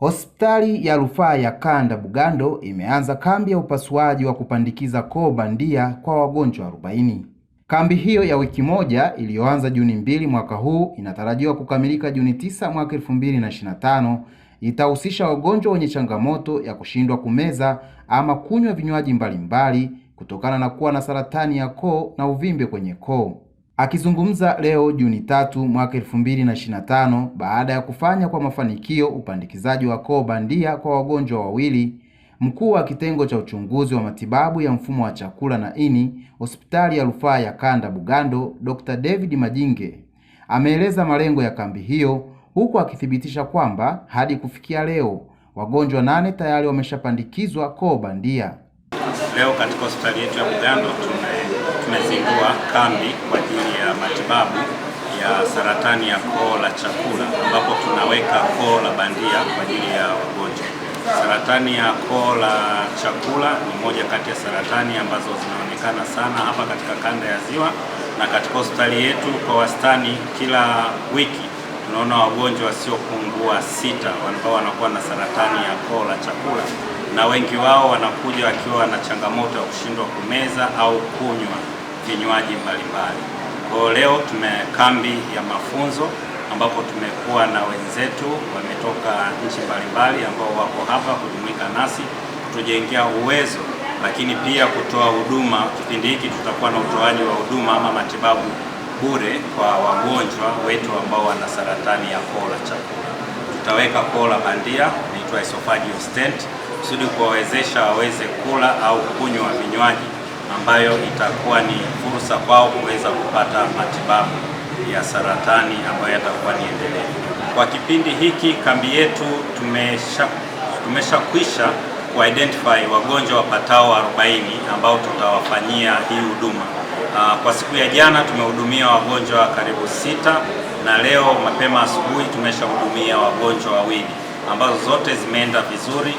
Hospitali ya Rufaa ya Kanda Bugando imeanza kambi ya upasuaji wa kupandikiza koo bandia kwa wagonjwa arobaini. Kambi hiyo ya wiki moja iliyoanza Juni mbili mwaka huu inatarajiwa kukamilika Juni tisa mwaka 2025 itahusisha wagonjwa wenye changamoto ya kushindwa kumeza ama kunywa vinywaji mbalimbali kutokana na kuwa na saratani ya koo na uvimbe kwenye koo. Akizungumza leo Juni tatu mwaka 2025 baada ya kufanya kwa mafanikio upandikizaji wa koo bandia kwa wagonjwa wawili, mkuu wa kitengo cha uchunguzi wa matibabu ya mfumo wa chakula na ini hospitali ya rufaa ya kanda Bugando, Dr. David Majinge ameeleza malengo ya kambi hiyo huku akithibitisha kwamba hadi kufikia leo wagonjwa nane tayari wameshapandikizwa koo bandia. Leo katika hospitali yetu ya Bugando tuna tumezindua kambi kwa ajili ya matibabu ya saratani ya koo la chakula ambapo tunaweka koo la bandia kwa ajili ya wagonjwa. Saratani ya koo la chakula ni moja kati ya saratani ambazo zinaonekana sana hapa katika kanda ya Ziwa, na katika hospitali yetu kwa wastani kila wiki tunaona wagonjwa wasiopungua sita ambao wanakuwa na saratani ya koo la chakula, na wengi wao wanakuja wakiwa na changamoto ya kushindwa kumeza au kunywa vinywaji mbalimbali. Kwa leo tume kambi ya mafunzo ambapo tumekuwa na wenzetu wametoka nchi mbalimbali ambao wako hapa kujumuika nasi kutujengea uwezo, lakini pia kutoa huduma. Kipindi hiki tutakuwa na utoaji wa huduma ama matibabu bure kwa wagonjwa wetu ambao wana saratani ya koo la chakula. Tutaweka koo la bandia inaitwa esophageal stent kusudi kuwawezesha waweze kula au kunywa vinywaji ambayo itakuwa ni fursa kwao kuweza kupata matibabu ya saratani ambayo yatakuwa ni endelevu. Kwa kipindi hiki kambi yetu tumesha tumeshakwisha kuidentify wagonjwa wapatao 40 ambao tutawafanyia hii huduma. Ah, kwa siku ya jana tumehudumia wagonjwa karibu sita na leo mapema asubuhi tumeshahudumia wagonjwa wawili ambazo zote zimeenda vizuri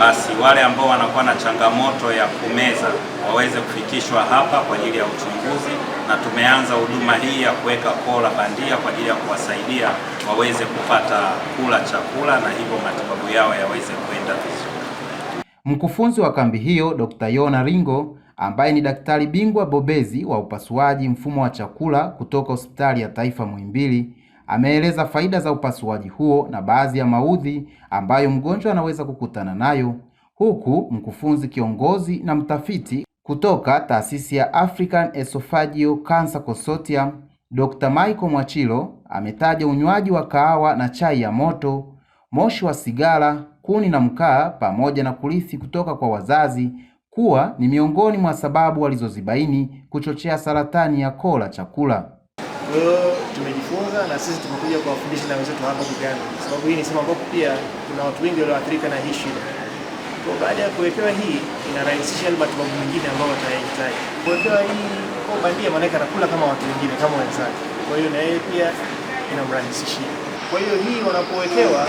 basi wale ambao wanakuwa na changamoto ya kumeza waweze kufikishwa hapa kwa ajili ya uchunguzi, na tumeanza huduma hii ya kuweka kola bandia kwa ajili ya kuwasaidia waweze kupata kula chakula na hivyo matibabu yao yaweze kwenda vizuri. Mkufunzi wa kambi hiyo Dr. Yona Ringo ambaye ni daktari bingwa bobezi wa upasuaji mfumo wa chakula kutoka Hospitali ya Taifa Muhimbili Ameeleza faida za upasuaji huo na baadhi ya maudhi ambayo mgonjwa anaweza kukutana nayo, huku mkufunzi kiongozi na mtafiti kutoka taasisi ya African Esophageal Cancer Consortium Dr. Michael Mwachilo ametaja unywaji wa kahawa na chai ya moto, moshi wa sigara, kuni na mkaa pamoja na kurithi kutoka kwa wazazi kuwa ni miongoni mwa sababu walizozibaini kuchochea saratani ya koo la chakula. Kwa hiyo tumejifunza na sisi tumekuja kuwafundisha na wenzetu hapa Uganda, kwa sababu hii ni sehemu ambapo pia kuna watu wengi walioathirika na hii shida. Kwa baada ya kuwekewa hii, inarahisisha ile matibabu mengine ambayo watayahitaji. Kuwekewa hii kwa bandia, maanake anakula kama watu wengine, kama wenzake, kwa hiyo na yeye pia inamrahisishia. Kwa hiyo hii wanapowekewa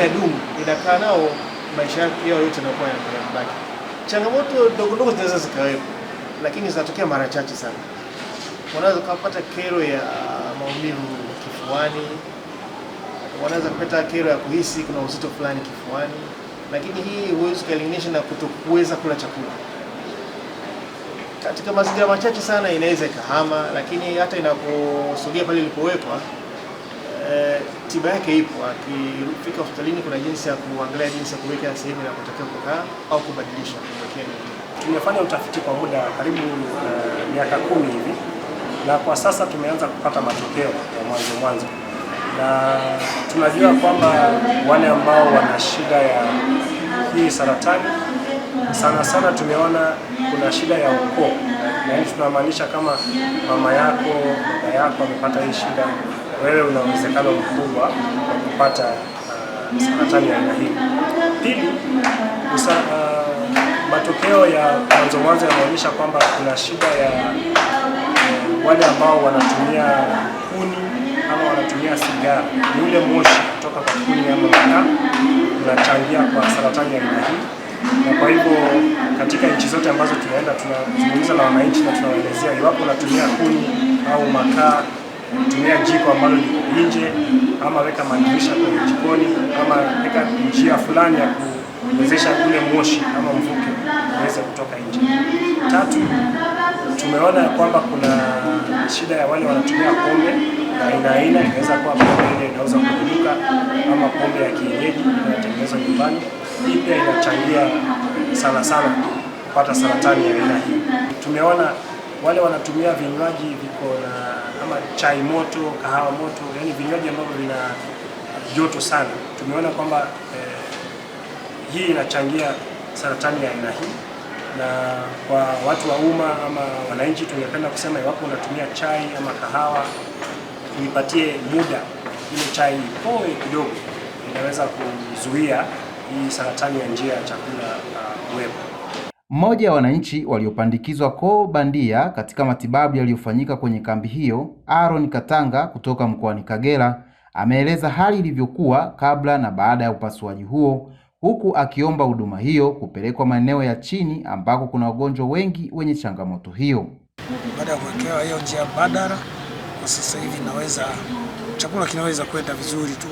na dumu, inakaa nao maisha yao yote yanakuwa yanabaki. Changamoto ndogo ndogo zinaweza zikawepo, lakini zinatokea mara chache sana wanaweza kupata kero ya maumivu kifuani, wanaweza kupata kero ya kuhisi kuna uzito fulani kifuani, lakini hii huwezi kulinganisha na kutokuweza kula chakula. Katika mazingira machache sana inaweza ikahama, lakini hata inaposogea pale ilipowekwa eh, tiba yake ipo. Akifika hospitalini, kuna jinsi ya kuangalia jinsi ya kuweka sehemu inapotakiwa kukaa au kubadilisha kuwekea. Tumefanya utafiti kwa muda karibu eh, miaka uh, kumi hivi na kwa sasa tumeanza kupata matokeo ya mwanzo mwanzo, na tunajua kwamba wale ambao wana shida ya hii saratani sana sana tumeona kuna shida ya ukoo, na hii tunamaanisha kama mama yako baba yako amepata hii shida, wewe una uwezekano mkubwa wa kupata uh, saratani ya aina hii. Pili, uh, matokeo ya mwanzo mwanzo yanaonyesha kwamba kuna shida ya wale ambao wanatumia kuni ama wanatumia sigara, ni ule moshi kutoka kwa kuni ama makaa unachangia kwa saratani ya aina hii. Na kwa hivyo katika nchi zote ambazo tunaenda tunazungumza na wananchi na tunawaelezea iwapo unatumia kuni au makaa tumia jiko ambalo liko nje ama weka madirisha kwenye jikoni ama weka njia fulani ya kuwezesha ule moshi ama mvuke uweze kutoka nje. Tatu, tumeona ya kwamba kuna shida ya wale wanatumia pombe na aina aina, inaweza kuwa pombe ile inaweza kuduka ama pombe ya kienyeji inatengenezwa nyumbani. Hii pia inachangia sana sana kupata saratani ya aina hii. Tumeona wale wanatumia vinywaji viko na ama chai moto, kahawa moto, yani vinywaji ambavyo vina joto sana, tumeona kwamba eh, hii inachangia saratani ya aina hii na kwa watu wa umma ama wananchi, tungependa kusema iwapo unatumia chai ama kahawa, tuipatie muda ile chai ipoe kidogo, inaweza kuzuia hii saratani ya njia ya chakula uh, kuwepo. Uh, mmoja wa wananchi waliopandikizwa koo bandia katika matibabu yaliyofanyika kwenye kambi hiyo, Aaron Katanga kutoka mkoani Kagera, ameeleza hali ilivyokuwa kabla na baada ya upasuaji huo huku akiomba huduma hiyo kupelekwa maeneo ya chini ambako kuna wagonjwa wengi wenye changamoto hiyo. Baada ya kuwekewa hiyo njia badala, kwa sasa hivi naweza chakula kinaweza kwenda vizuri tu,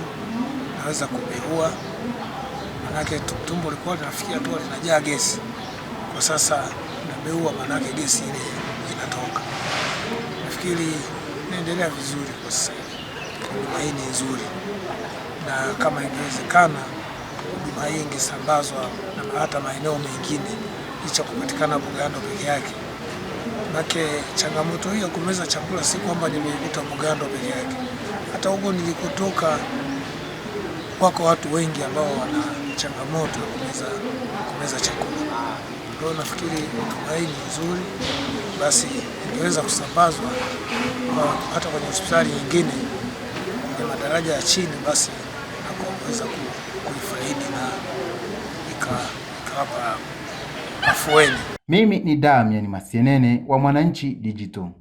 naweza kubeua, manake tumbo lilikuwa linafikia tu linajaa gesi. Kwa sasa nabeua, manake gesi ile inatoka. Nafikiri naendelea vizuri kwa sasa hivi, huduma hii ni nzuri na kama ingewezekana na hii ingesambazwa na hata maeneo mengine licha kupatikana Bugando peke yake. Make changamoto hiyo kumeza chakula si kwamba nimeikuta Bugando peke yake, hata huko nilikotoka wako watu wengi ambao wana changamoto ya kumeza, kumeza chakula. Kwa hiyo nafikiri tumaini nzuri basi ingeweza kusambazwa hata kwenye hospitali nyingine kwenye madaraja ya chini, basi nakuweza ku kunifaidi na ikawapa afueni. Mimi ni Damian Masienene wa Mwananchi Digital.